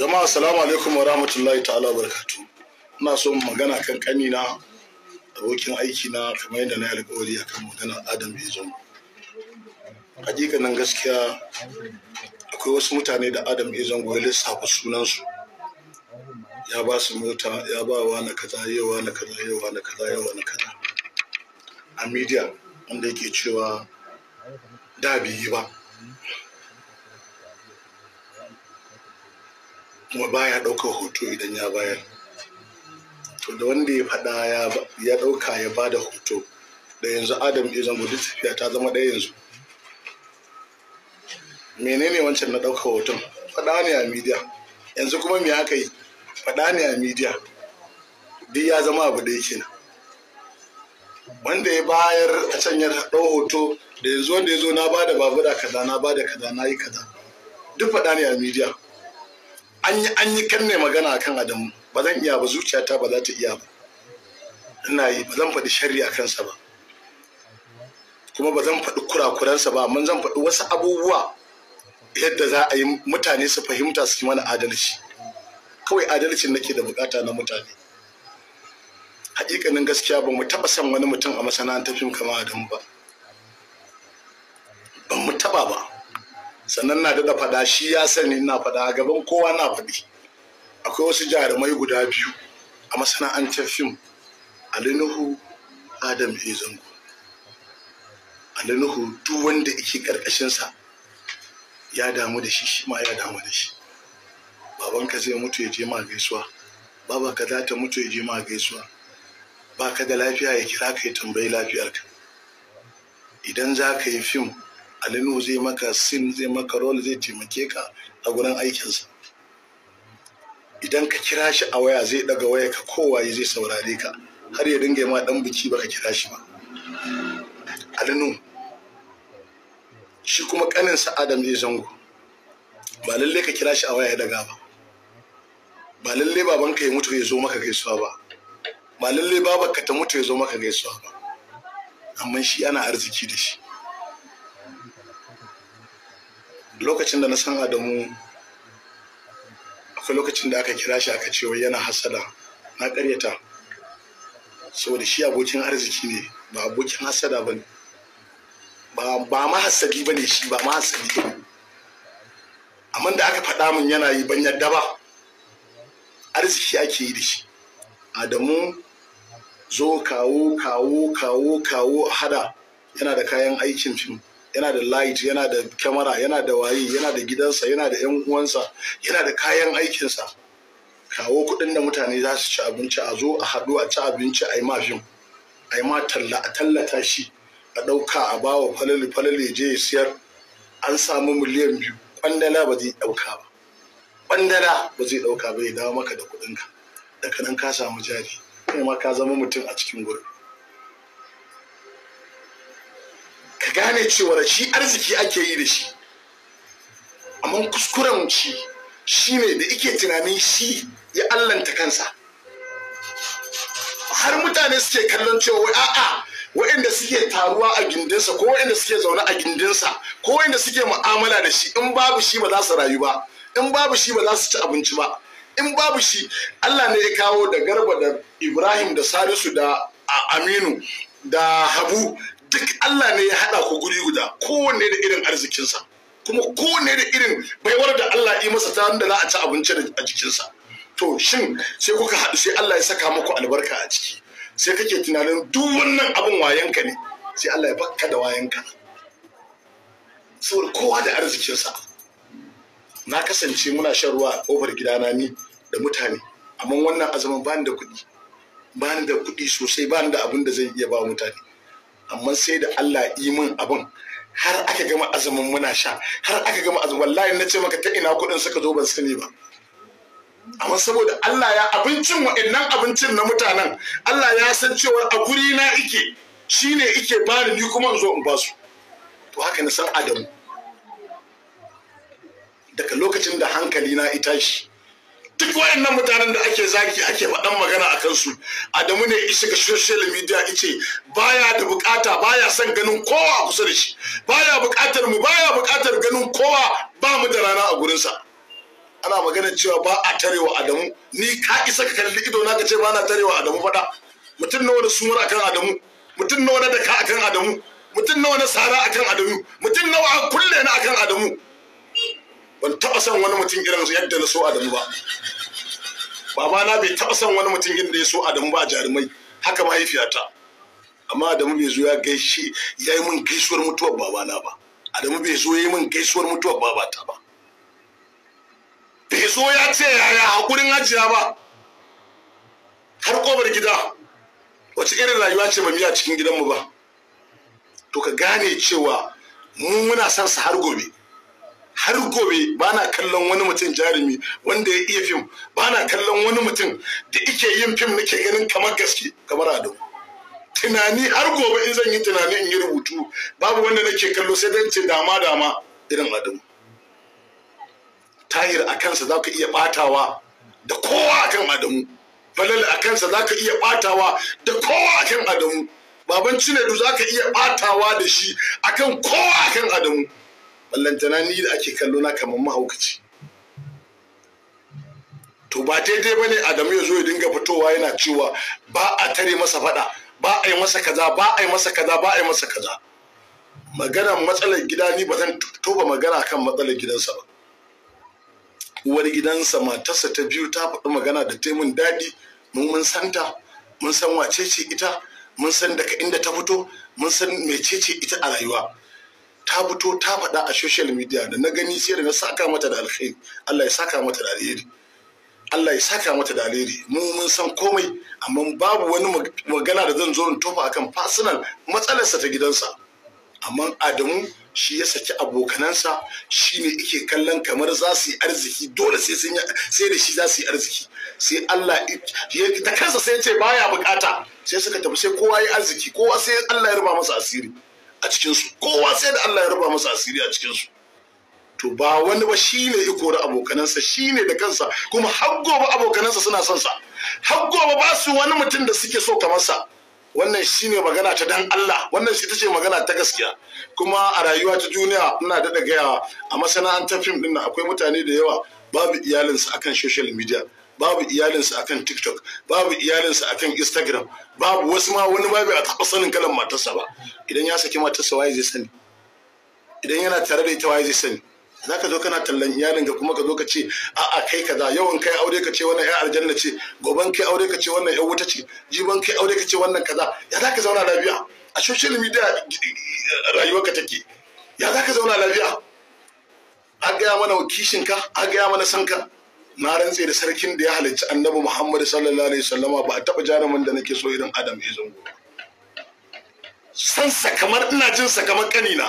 jama'a assalamu alaikum wa rahmatullahi ta'ala barkatu ina so magana kan kanina abokin aiki na kamar yadda na alkawari akan magana adam Hakika nan gaskiya akwai wasu mutane da adam zango ya lissafa sunansu ya ba su mota ya ba wa na kaza yawa na kaza yawa na kaza yawa na kaza a media wanda yake cewa da bai yi ba kuma baya ɗaukar hoto idan ya bayar to da wanda ya faɗa ya ɗauka ya ba da hoto da yanzu adam ya zama duk tafiya ta zama ɗaya yanzu menene wancan na ɗaukar hoton faɗa ne a media yanzu kuma me aka yi faɗa ne a media duk ya zama abu ɗaya na, wanda ya bayar a can ya ɗau hoto da yanzu wanda ya zo na ba da babura kaza na ba da kaza na yi kaza duk faɗa ne a media an yi an yi kanne magana akan adamu ba zan iya ba zuciyata ba za ta iya ba ina yi ba zan faɗi sharri a kansa ba kuma ba zan faɗi kurakuransa ba amma zan faɗi wasu abubuwa yadda za a yi mutane su fahimta su mana adalci kawai adalcin nake da bukata na mutane hakikanin gaskiya ba mu taɓa son wani mutum a masana'antar fim kama adamu ba ban mu taɓa ba sannan na daɗa faɗa shi ya sani na faɗa a gaban kowa na faɗi akwai wasu jarumai guda biyu a masana'antar fim alinuhu adam e zango alinuhu duk wanda yake ƙarƙashinsa ya damu da shi shi ma ya damu da shi babanka zai mutu ya je ma gaisuwa babanka za ta mutu ya je ma gaisuwa ba ka da lafiya ya kira ka ya tambayi lafiyarka idan za ka yi fim alinu zai maka sin zai maka rol zai taimake ka a gurin aikinsa idan ka kira shi a waya zai daga waya ka kowaye zai saurare ka har ya dinga ma dan biki baka kira shi ba alinu shi kuma kanin sa adam zai zango ba lalle ka kira shi a waya ya daga ba ba lalle babanka ya mutu ya zo maka gaisuwa ba ba lalle babanka ta mutu ya zo maka gaisuwa ba amma shi ana arziki da shi lokacin da na san adamu akwai lokacin da aka kira shi aka cewa yana hasada na karyata saboda shi abokin arziki ne ba abokin hasada ba ne ba ma hasadi ba ne shi ba ma hasadi ba amma da aka faɗa min yana yi ban yadda ba arziki ake yi da shi adamu zo kawo kawo kawo kawo hada yana da kayan aikin fim yana da light yana da kyamara yana da waye yana da gidansa yana da yan uwansa yana da kayan aikinsa kawo kuɗin da mutane za su ci abinci a zo a haɗu a ci abinci a yi ma fim a yi ma talla a tallata shi a ɗauka a ba wa falali falali je ya siyar an samu miliyan biyu ƙwandala ba zai ɗauka ba ƙwandala ba zai ɗauka ba ya dawo maka da kuɗinka daga nan ka samu jari kai ma ka zama mutum a cikin gurin ka gane da shi arziki ake yi da shi amma kuskuren shi shine da ike tunanin shi ya allanta kansa har mutane suke kallon cewa wai a'a waɗanda suke taruwa a gindinsa ko waɗanda suke zaune a gindinsa ko waɗanda suke mu'amala da shi in babu shi ba za su rayu ba in babu shi ba za su ci abinci ba in babu shi Allah ne ya kawo da garba da Ibrahim da Salisu da Aminu da Habu duk Allah ne ya haɗa ku guri guda kowanne da irin arzikinsa kuma kowanne da irin baiwar da Allah yi masa ta da za a ci abinci a jikinsa to shin sai kuka haɗu sai Allah ya saka maku albarka a ciki sai kake tunanin duk wannan abin wayanka ne sai Allah ya baka da wayanka saboda kowa da arzikinsa na kasance muna shan ruwa a ƙofar gidana ni da mutane amma wannan azaman bani da kuɗi bani da kuɗi sosai bani da abin da zai iya ba mutane amma sai da Allah imin min abin har aka gama azumin muna sha har aka gama azumin wallahi na ce maka ta ina kuɗin suka zo ban sani ba amma saboda Allah ya abincin wa'annan abincin na mutanen Allah ya san cewa a guri na ike shine ike bani ni kuma in zo in basu to haka na san Adamu daga lokacin da hankali na ita shi duk wayannan mutanen da ake zagi ake faɗan magana a kansu adamu ne isa ga social media ice baya da bukata baya son ganin kowa kusa da shi baya bukatar mu baya bukatar ganin kowa ba mu da rana a gurinsa ana magana cewa ba a tarewa adamu ni ka isa ka kalli ido na ka ce ba na tarewa adamu faɗa mutum nawa da sumar akan adamu mutum nawa da daka akan adamu mutum nawa na sara akan adamu mutum nawa a kulle na akan adamu ban taɓa son wani mutum irin yadda na so Adamu ba babana bai taɓa son wani mutum yadda ya so Adamu ba jarumai haka mahaifiyata amma Adamu bai zo ya gaishe ya yi min gaisuwar mutuwar babana ba Adamu bai zo ya yi min gaisuwar mutuwar babata ba bai zo ya ce yaya hakurin ajiya ba har kobar gida wace irin rayuwa ce ba miya cikin gidanmu ba to ka gane cewa mu muna son sa har gobe har gobe ba na kallon wani mutum jarumi wanda ya iya fim ba na kallon wani mutum da ike yin fim nake ganin kamar gaske kamar adamu tunani har gobe in zan yi tunani in yi rubutu babu wanda nake kallo sai dan ce dama dama irin adamu tahir a kansa za ka iya batawa da kowa akan adamu falal a kansa za ka iya batawa da kowa kan adamu baban cinedu za ka iya batawa da shi akan kowa akan adamu ballantana ni da ake kallo na kamar mahaukaci to ba daidai ba ne adamu ya zo ya dinga fitowa yana cewa ba a tare masa faɗa ba a yi masa kaza ba a yi masa kaza ba a yi masa kaza magana matsalar gida ni ba zan toba magana kan matsalar gidansa ba uwar gidansa matarsa ta biyu ta faɗi magana da ta mun daɗi mun mun santa mun san wace ce ita mun san daga inda ta fito mun san ce ita a rayuwa ta fito ta faɗa a social media da na gani sai da na saka mata da alkhairi Allah ya saka mata da alheri Allah ya saka mata da alheri mu mun san komai amma babu wani magana da zan zo in tofa akan personal matsalarsa ta gidansa amma Adamu shi ya saki abokanansa shi ne yake kallon kamar za su yi arziki dole sai sun sai da shi za su yi arziki sai Allah ya kansa sai ya ce baya bukata sai suka tafi sai kowa ya arziki kowa sai Allah ya ruba masa asiri a cikinsu kowa sai da Allah ya raba masa asiri a cikinsu to ba wani ba shine ne iko da abokanansa shi da kansa kuma har gobe abokanansa suna son sa har gobe ba su wani mutum da suke so kamar sa wannan shi ne magana ta dan Allah wannan shi ta ce magana ta gaskiya kuma a rayuwa ta duniya ina daɗa gayawa a masana'antar fim ɗin akwai mutane da yawa babu iyalinsa akan social media babu iyalinsa a kan tiktok babu iyalinsa a kan instagram babu wasu ma wani babu a taɓa sanin kalan matarsa ba idan ya saki matarsa waye zai sani idan yana tare da ita waye zai sani za ka zo kana tallan iyalin ka kuma ka zo ka ce a'a kai kaza yawan kai aure ka ce wannan ya aljanna ce goban kai aure ka ce wannan ya wuta ce jiban kai aure ka ce wannan kaza ya za ka zauna lafiya a social media eh, rayuwarka take ya za ka zauna lafiya an gaya mana kishinka an gaya mana sanka na rantse da sarkin da ya halicci annabi Muhammad sallallahu alaihi wasallama ba a taba jarumin da nake so irin Adam Izango san sa kamar ina jin sa kamar kanina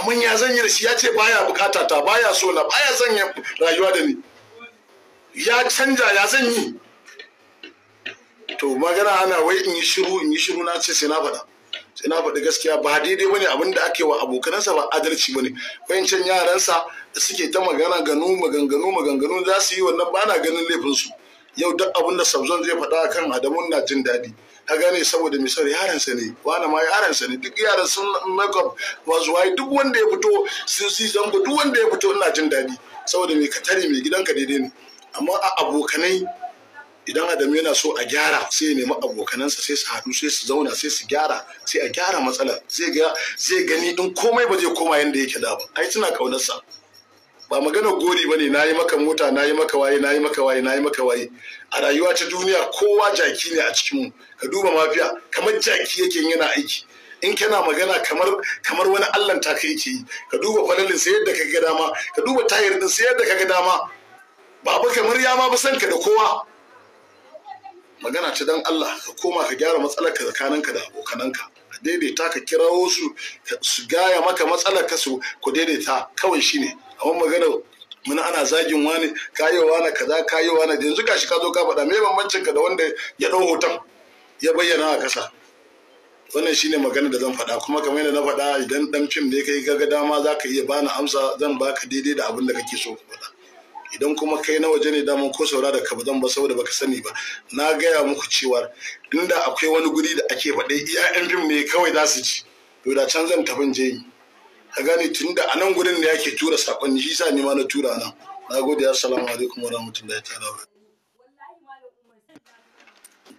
amma ya zanyi da shi ya ce baya bukata ta baya so na baya zanyi rayuwa da ni ya canja ya zan to magana ana wai in yi shiru in yi shiru na ce sai na faɗa ina faɗi gaskiya ba daidai ba abin da ake wa abokanansa ba adalci bane fahimcin yaransa suke ta magana ganu maganganu maganganu za su yi wannan ba na ganin laifin su yau duk abin da sabzon zai faɗa kan adamun na jin daɗi ka gane saboda misali yaransa ne wani ma yaransa ne duk yaran sun masu wazuwaye duk wanda ya fito sun si zango duk wanda ya fito ina jin daɗi saboda mai ka tare mai gidanka daidai ne amma a abokanai idan adam yana so a gyara sai ya nemi abokanansa sai su haɗu sai su zauna sai su gyara sai a gyara matsalar zai gani in komai ba zai koma yadda yake da ba ai suna kaunarsa ba magana gori ba ne na yi maka mota na yi maka waye na yi maka waye na yi maka waye a rayuwa ta duniya kowa jaki ne a cikin mu ka duba mafiya kamar jaki yake yana aiki in kana magana kamar kamar wani allan ta kai yake yi ka duba falalin sai yadda ka ga dama ka duba tayar din sai yadda ka ga dama ba kamar ya ba san ka da kowa magana ta dan Allah ka koma ka gyara matsalar ka tsakaninka da abokananka ka daidaita ka kirawo su su gaya maka matsalar ka su ku daidaita kawai shine amma magana muna ana zagin wani kayowa na kaza kayowa na yanzu gashi ka zo ka faɗa me bambancin ka da wanda ya ɗau hoton ya bayyana a ƙasa wannan shine magana da zan faɗa kuma kamar yadda na faɗa idan ɗan fim ne kai ga dama zaka ka iya bani amsa zan baka daidai da abin da kake so ka faɗa idan kuma kai na waje ne daman ko saura da ka ba saboda baka sani ba na gaya muku cewa inda akwai wani guri da ake faɗe iya yan fim ne kawai za su ji to da can zan tafin je yi ka gane tun da a nan gurin ne yake tura sakonni shi sa ni ma na tura nan na gode assalamu alaikum wa rahmatullahi ta'ala wa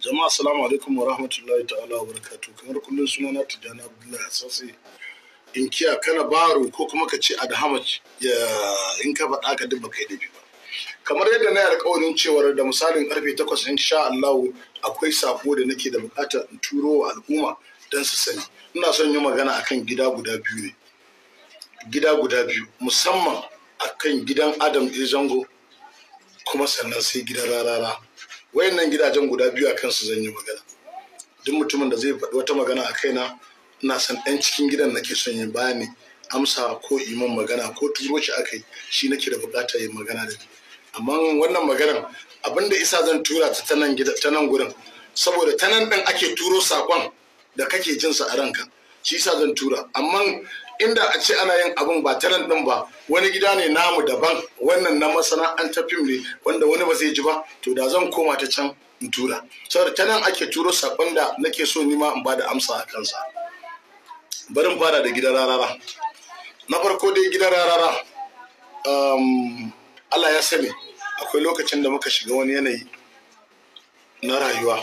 jama'a assalamu alaikum wa rahmatullahi ta'ala wa barakatu kamar kullum suna na tijjani abdullahi hassasi in kiya kana baro ko kuma ka ce ya in ka faɗa ka duk baka yi ba kamar yadda na alƙawarin cewar da misalin karfe takwas sha Allah akwai sako da nake da bukatar in turo wa al'umma don su sani ina son yi magana akan gida guda biyu ne gida guda biyu musamman akan gidan Adam E Zango kuma sannan sai gidan rarara wayannan gidajen guda biyu akan su zan yi magana duk mutumin da zai faɗi wata magana a kaina ina son ɗan cikin gidan nake son yin bayani amsa ko iman magana ko turo shi akai yi shi nake da buƙatar yin magana da ni amma wannan maganar abinda isa zan tura ta nan ta gurin saboda ta nan din ake turo sakon da kake jin sa a ranka shi isa zan tura amma inda a ce ana yin abin ba ta nan din ba wani gida ne namu daban wannan na masana'antar fim ne wanda wani ba zai ji ba to da zan koma ta can in tura saboda ta nan ake turo sakon da nake so ni ma in ba da amsa a kansa bari in fara da gidan rarara na farko dai gidan rarara um, Allah ya sani akwai lokacin da muka shiga wani yanayi na rayuwa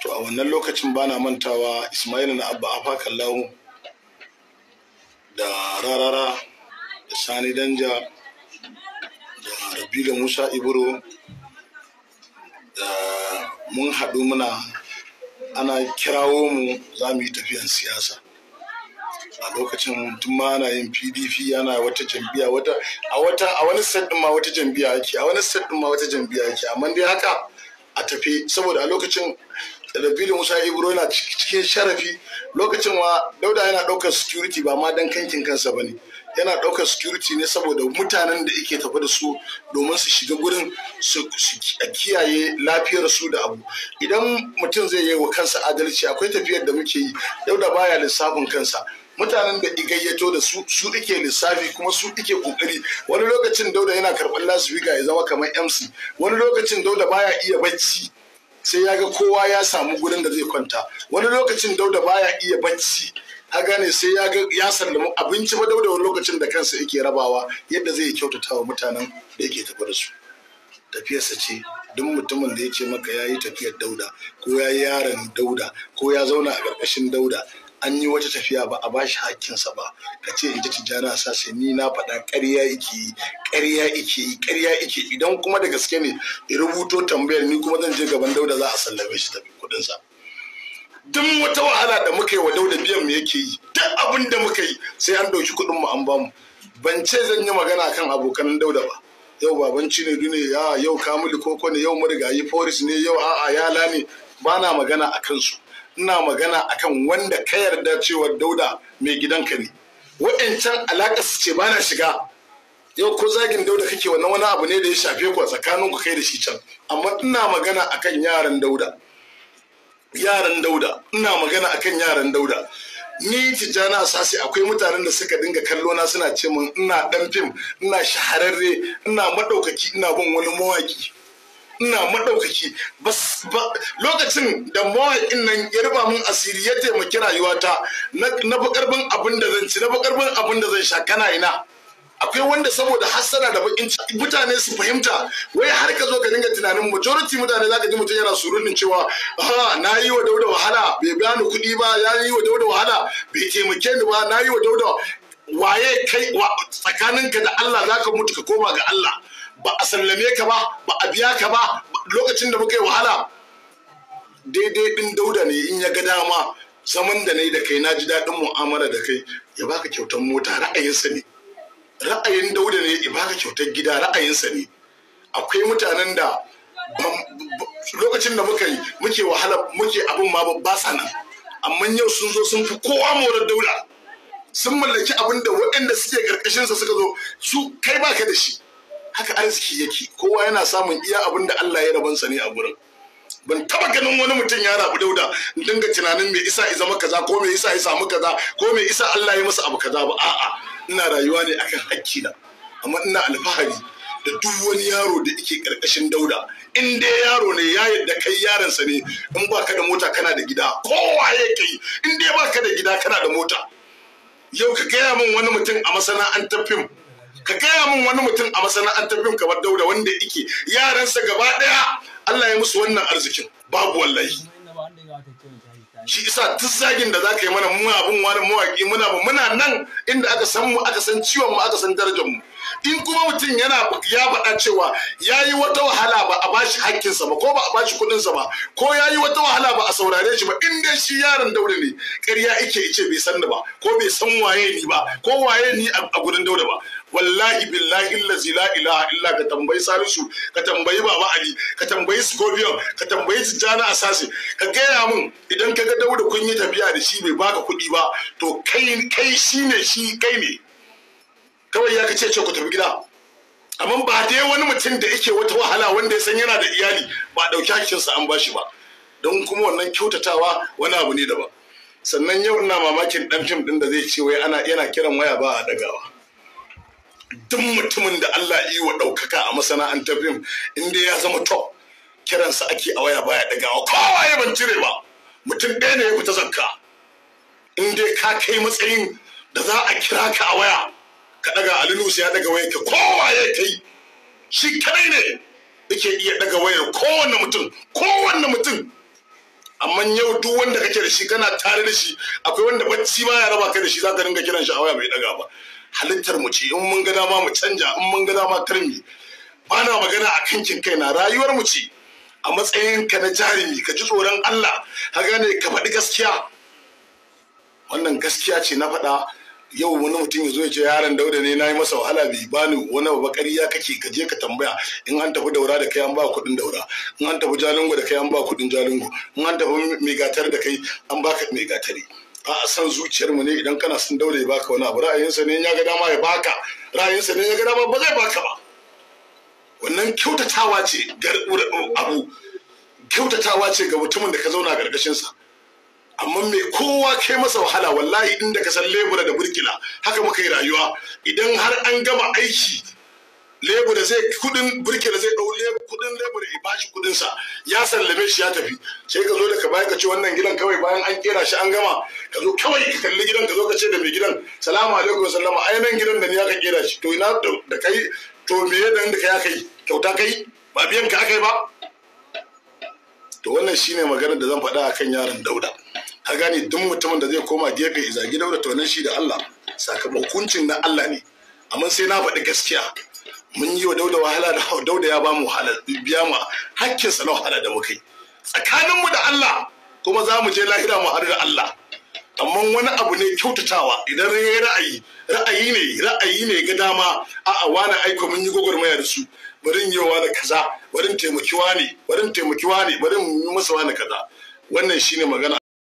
to a wannan lokacin bana mantawa Isma'il na Abba Afa lahu da Rarara da Sani Danja da da Musa Ibro da mun haɗu muna ana kirawo mu za mu yi tafiyan siyasa a lokacin mutum ma yin pdp ana wata jambiya wata a wata a wani set ma wata jambiya ake a wani set ma wata jambiya ake amma dai haka a tafi saboda a lokacin rabilu musa ibro yana cikin sharafi lokacin wa dauda yana daukar security ba ma dan kankin kansa bane yana daukar security ne saboda mutanen da yake tafi da su domin su shiga gurin su kiyaye lafiyar su da abu idan mutum zai yi wa kansa adalci akwai tafiyar da muke yi dauda baya lissafin kansa mutanen da gayyato da su su ike lissafi kuma su ike kokari wani lokacin dauda yana karɓar lasifika ya zama kamar mc wani lokacin dauda baya iya bacci sai ya ga kowa ya samu gurin da zai kwanta wani lokacin dauda baya iya bacci ha gane sai ya ga ya sallamu abinci ba dauda wani lokacin da kansa yake rabawa yadda zai kyautata wa mutanen da yake tafi da su tafiyarsa ce duk mutumin da ya ce maka ya yi tafiyar dauda ko ya yi yaron dauda ko ya zauna a ƙarƙashin dauda an yi wata tafiya ba a ba shi hakkinsa ba ka ce ita tijjana sa sai ni na faɗa ƙarya ike yi ƙarya ike yi ƙarya ike idan kuma da gaske ne ya rubuto tambayar ni kuma zan je gaban dauda za a sallame shi tafi kuɗinsa duk wata wahala da muka yi wa dauda biyan mu yake yi duk abin da muka yi sai an ɗauki kuɗin mu an bamu ban ce zan yi magana kan abokan dauda ba yau babanci ne dune ya yau kamilu koko ne yau marigayi foris ne yau a'a yala ne ba na magana a kansu ina magana akan wanda ka yarda cewa dauda mai gidanka ne wa'ancan alaƙa su ce bana shiga yau ko zagin dauda kake wannan wani abu ne da ya shafe ku a tsakanin ku kai da shi can amma ina magana akan yaran dauda yaran dauda ina magana akan yaran dauda ni tijjani asasi akwai mutanen da suka dinga kallo na suna ce min ina dan fim ina shahararre ina madaukaki ina bin wani mawaki ina maɗaukaki lokacin da mawaƙin nan ya riba mun asiri ya taimaki rayuwata na bakarbin abin da zan ci na bakarbin abin da zan sha kana ina akwai wanda saboda hassana da bakin mutane su fahimta wai har ka zo ka dinga tunanin majority mutane zaka ji mutum yana surunin cewa ha na yi wa dauda wahala bai biya ni kuɗi ba ya yi wa dauda wahala bai taimake ni ba na yi wa dauda waye kai tsakaninka da Allah zaka mutu ka koma ga Allah ba a sallame ka ba ba a biya ka ba lokacin da muka yi wahala daidai din dauda ne in ya ga dama zaman da na yi da kai na ji daɗin mu'amala da kai ya baka kyautar mota ra'ayinsa ne ra'ayin dauda ne ya baka kyautar gida ra'ayinsa ne akwai mutanen da lokacin da muka yi muke wahala muke abin ma ba sa nan amma yau sun zo sun fi kowa morar Dauda, sun mallaki abin da waɗanda suke ƙarƙashinsa suka zo su kai baka da shi haka arziki yake kowa yana samun iya abin da Allah ya rabansa ne a gurin ban taba ganin wani mutum ya rabu dauda in dinga tunanin me isa ya zama kaza ko me isa ya samu kaza ko me isa Allah ya masa abu kaza ba a'a ina rayuwa ne akan hakkina amma ina alfahari da duk wani yaro da yake karkashin dauda in dai yaro ne ya yadda kai yaronsa ne in baka da mota kana da gida kowa ya kai in dai baka da gida kana da mota yau ka gaya min wani mutum a masana'antar fim ka gaya min wani mutum a masana'antar fim kamar dauda wanda yake yaransa gaba daya Allah ya musu wannan arzikin babu wallahi shi isa tun zagin da za ka yi mana mu abin wani mawaƙi muna muna nan inda aka san mu aka san ciwon mu aka san darajar mu in kuma mutum yana ya faɗa cewa ya yi wata wahala ba a bashi hakkinsa ba ko ba a bashi kuɗinsa ba ko ya yi wata wahala ba a saurare shi ba in dai shi yaron daure ne ƙarya ike ice bai san ba ko bai san waye ni ba ko waye ni a gurin daure ba wallahi billahi allazi la ilaha illa ka tambayi salisu ka tambayi baba ali ka tambayi scorpion ka tambayi tijjana asasi ka gaya min idan ka ga daure kun yi tafiya da shi bai baka kuɗi ba to kai kai shi ne shi kai ne kawai ya kace ce ku tafi gida amma ba dai wani mutum da yake wata wahala wanda ya san yana da iyali ba dauki sa an bashi ba don kuma wannan kyautatawa wani abu ne daban sannan yau ina mamakin dan fim din da zai ce wai ana yana kiran waya ba a dagawa duk mutumin da Allah yi wa daukaka a masana'antar fim inda ya zama top kiransa ake a waya baya dagawa kowa ya ban cire ba mutum ɗaya ne ya fita zakka in dai ka kai matsayin da za a kira ka a waya ka daga alinu sai ya daga wayar ka kowa ya kai shi kadai ne yake iya daga wayar kowanne mutum kowanne mutum amma yau duk wanda kake da shi kana tare da shi akwai wanda bacci ba ya raba kai da shi za dinga kiran shi a waya bai daga ba halittar mu ce in mun ga dama mu canja in mun ga dama karmi ba na magana a kankin kaina rayuwar mu ce a matsayin ka na jarumi ka ji tsoron Allah ka gane ka faɗi gaskiya wannan gaskiya ce na faɗa yau wani mutum ya zo ya ce yaron dauda ne na yi masa wahala bai bani wani bakari ya kake ka je ka tambaya in an tafi daura da kai an ba kuɗin daura in an tafi jalingo da kai an ba kuɗin jalingo in an tafi gatar da kai an ba ka gatari a san zuciyar mu ne idan kana son daura ya baka wani abu ra'ayinsa ne ya ga dama ya baka ra'ayinsa ne ya ga dama ba zai baka ba wannan kyautatawa ce abu kyautatawa ce ga mutumin da ka zauna a ƙarƙashinsa amma mai kowa kai masa wahala wallahi inda ka san lebura da burkila haka muka yi rayuwa idan har an gama aiki lebura zai kudin burkila zai dau kudin lebura ya bashi kudin sa ya sallame shi ya tafi sai ka zo da ka bayan ka ce wannan gidan kawai bayan an kera shi an gama ka zo kawai ka kalli gidan ka zo ka ce da mai gidan salamu alaikum sallama ai nan gidan da ni aka kera shi to ina da kai to me da kai aka yi kyauta kai ba biyan ka aka yi ba to wannan shine magana da zan faɗa akan yaron dauda ka gane duk mutumin da zai koma gefe ya zagi daura tunanin shi da Allah sakamakon hukuncin na Allah ne amma sai na faɗi gaskiya mun yi wa dauda wahala da dauda ya ba mu wahala biya mu hakkin sa na wahala da mukai tsakanin mu da Allah kuma za mu je lahira mu har da Allah amma wani abu ne kyautatawa idan ra'ayi ra'ayi ne ra'ayi ne ga dama a'a wani aiko mun yi gwagwarmaya da su barin yawa da kaza barin taimakiwa ne barin taimakiwa ne barin masa wani kaza wannan shine magana